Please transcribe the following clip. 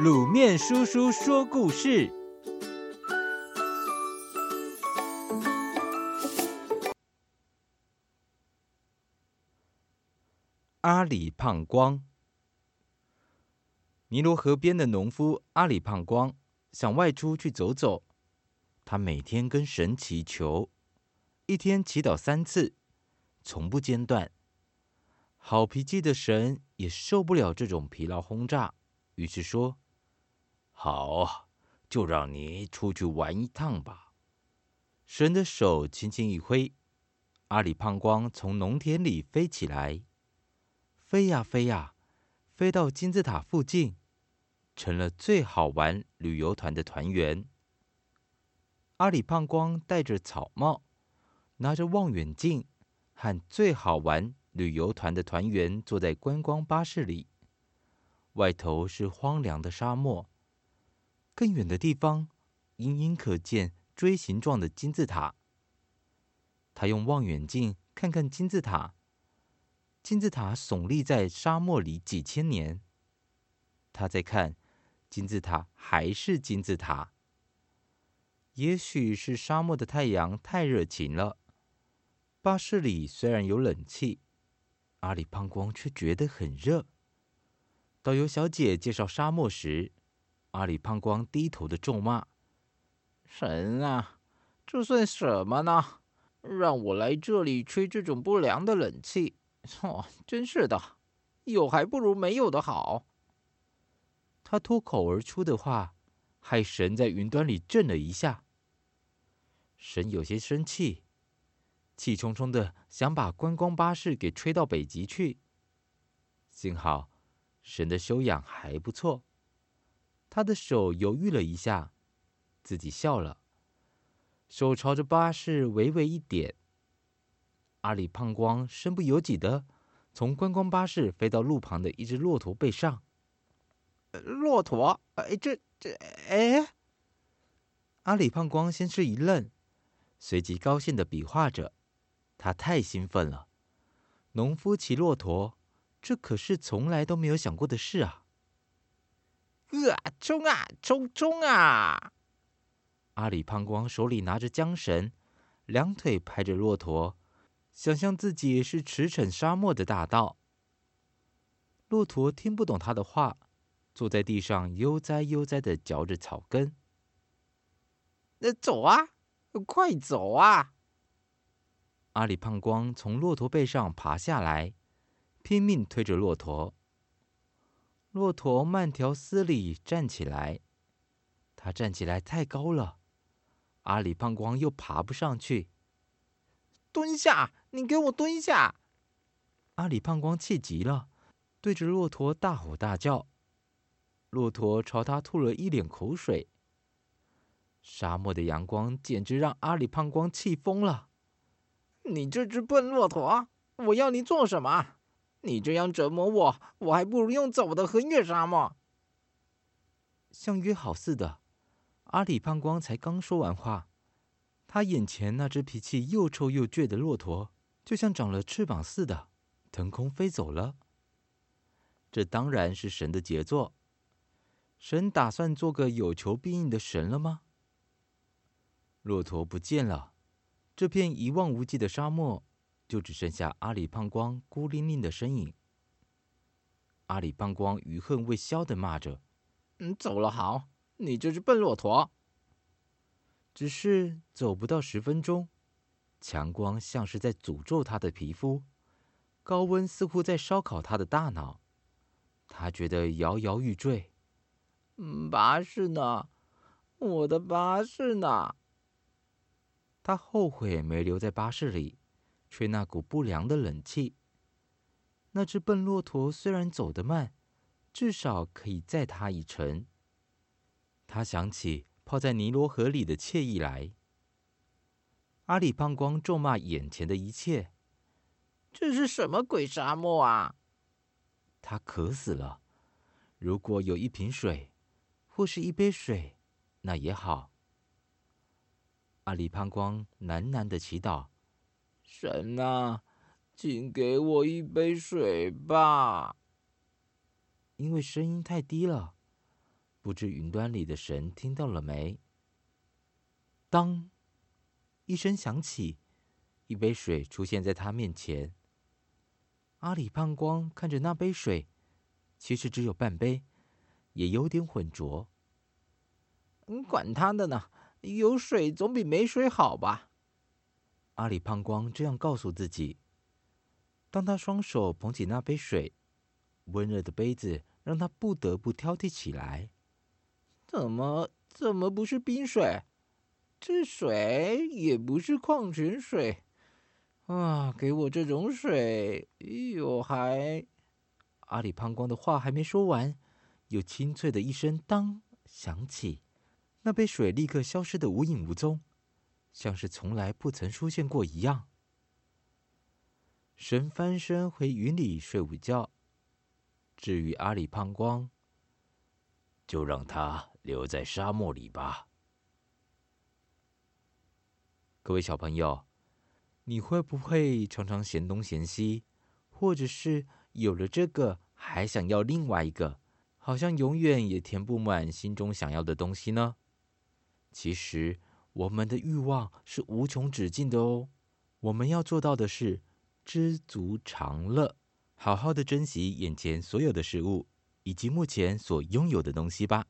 滷麵叔叔說故事：阿里胖光，尼羅河邊的農夫阿里胖光想外出去走走。他每天跟神祈求，一天祈禱三次，從不間斷。好脾氣的神也受不了這種疲勞轟炸，於是說。好，就讓你出去玩一趟吧。神的手輕輕一揮，阿里胖光從農田裡飛起來，飛呀飛呀，飛到金字塔附近，成了最好玩旅遊團的團員。阿里胖光戴着草帽，拿着望遠鏡，和最好玩旅遊團的團員坐在觀光巴士裡，外頭是荒涼的沙漠。更遠的地方，隱隱可見錐形狀的金字塔。他用望遠鏡看看金字塔，金字塔聳立在沙漠裡幾千年。他在看金字塔，還是金字塔？也許是沙漠的太陽太熱情了。巴士裡雖然有冷氣，阿里胖光卻覺得很熱。導遊小姐介紹沙漠時。阿里胖光低頭的咒罵：“神啊，這算什麼呢？讓我來這裡吹這種不良的冷氣！哦，真是的，有還不如沒有的好。”他脫口而出的話，害神在雲端裡震了一下。神有些生氣，氣沖沖的想把觀光巴士給吹到北極去。幸好神的修養還不錯。他的手猶豫了一下，自己笑了，手朝着巴士微微一點。阿里胖光身不由己的從觀光巴士飛到路旁的一隻駱駝背上。駱駝，哎，這這，哎！阿里胖光先是一愣，隨即高興的比劃着，他太興奮了。農夫騎駱駝，這可是從來都沒有想過的事啊！呃、啊，衝啊！衝衝啊！阿里胖光手裡拿着韁繩，兩腿拍着駱駝，想象自己是馳騁沙漠的大盜。駱駝聽不懂他的話，坐在地上悠哉悠哉的嚼着草根。那、呃、走啊、呃！快走啊！阿里胖光從駱駝背上爬下來，拼命推着駱駝。駱駝慢條斯理站起來，它站起來太高了，阿里胖光又爬不上去。蹲下！你給我蹲下！阿里胖光氣急了，對着駱駝大吼大叫。駱駝朝他吐了一臉口水。沙漠的陽光簡直讓阿里胖光氣瘋了。你這隻笨駱駝，我要你做什麼？你這樣折磨我，我還不如用走的橫越沙漠。像約好似的，阿里胖光才剛說完話，他眼前那隻脾氣又臭又倔的駱駝，就像長了翅膀似的，騰空飛走了。這當然是神的傑作，神打算做個有求必應的神了嗎？駱駝不見了，這片一望無際的沙漠。就只剩下阿里胖光孤零零的身影。阿里胖光餘恨未消的罵着：“你走了好，你這隻笨駱駝。”只是走不到十分鐘，強光像是在詛咒他的皮膚，高溫似乎在燒烤他的大腦，他覺得搖搖欲墜。巴士呢？我的巴士呢？他後悔沒留在巴士裡。吹那股不良的冷氣。那隻笨駱駝雖然走得慢，至少可以載他一程。他想起泡在尼羅河裡的愜意來。阿里胖光咒罵眼前的一切：“這是什麼鬼沙漠啊！”他渴死了。如果有一瓶水，或是一杯水，那也好。阿里胖光喃喃地祈禱。神吶、啊，請給我一杯水吧，因為聲音太低了，不知雲端裡的神聽到了沒。當一聲響起，一杯水出現在他面前。阿里胖光看着那杯水，其實只有半杯，也有點渾濁。你管他的呢，有水總比沒水好吧。阿里胖光這樣告訴自己。當他雙手捧起那杯水，溫熱的杯子讓他不得不挑剔起來：“怎麼，怎麼不是冰水？這水也不是礦泉水啊！給我這種水，我還……”阿里胖光的話還沒說完，有清脆的一聲“當”響起，那杯水立刻消失得無影無蹤。像是從來不曾出現過一樣。神翻身回雲裡睡午覺。至於阿里胖光，就讓他留在沙漠裡吧。各位小朋友，你會不會常常嫌東嫌西，或者是有了這個還想要另外一個，好像永遠也填不滿心中想要的東西呢？其實。我們的慾望是無窮止境的哦，我們要做到的是知足常樂，好好的珍惜眼前所有的事物，以及目前所擁有的東西吧。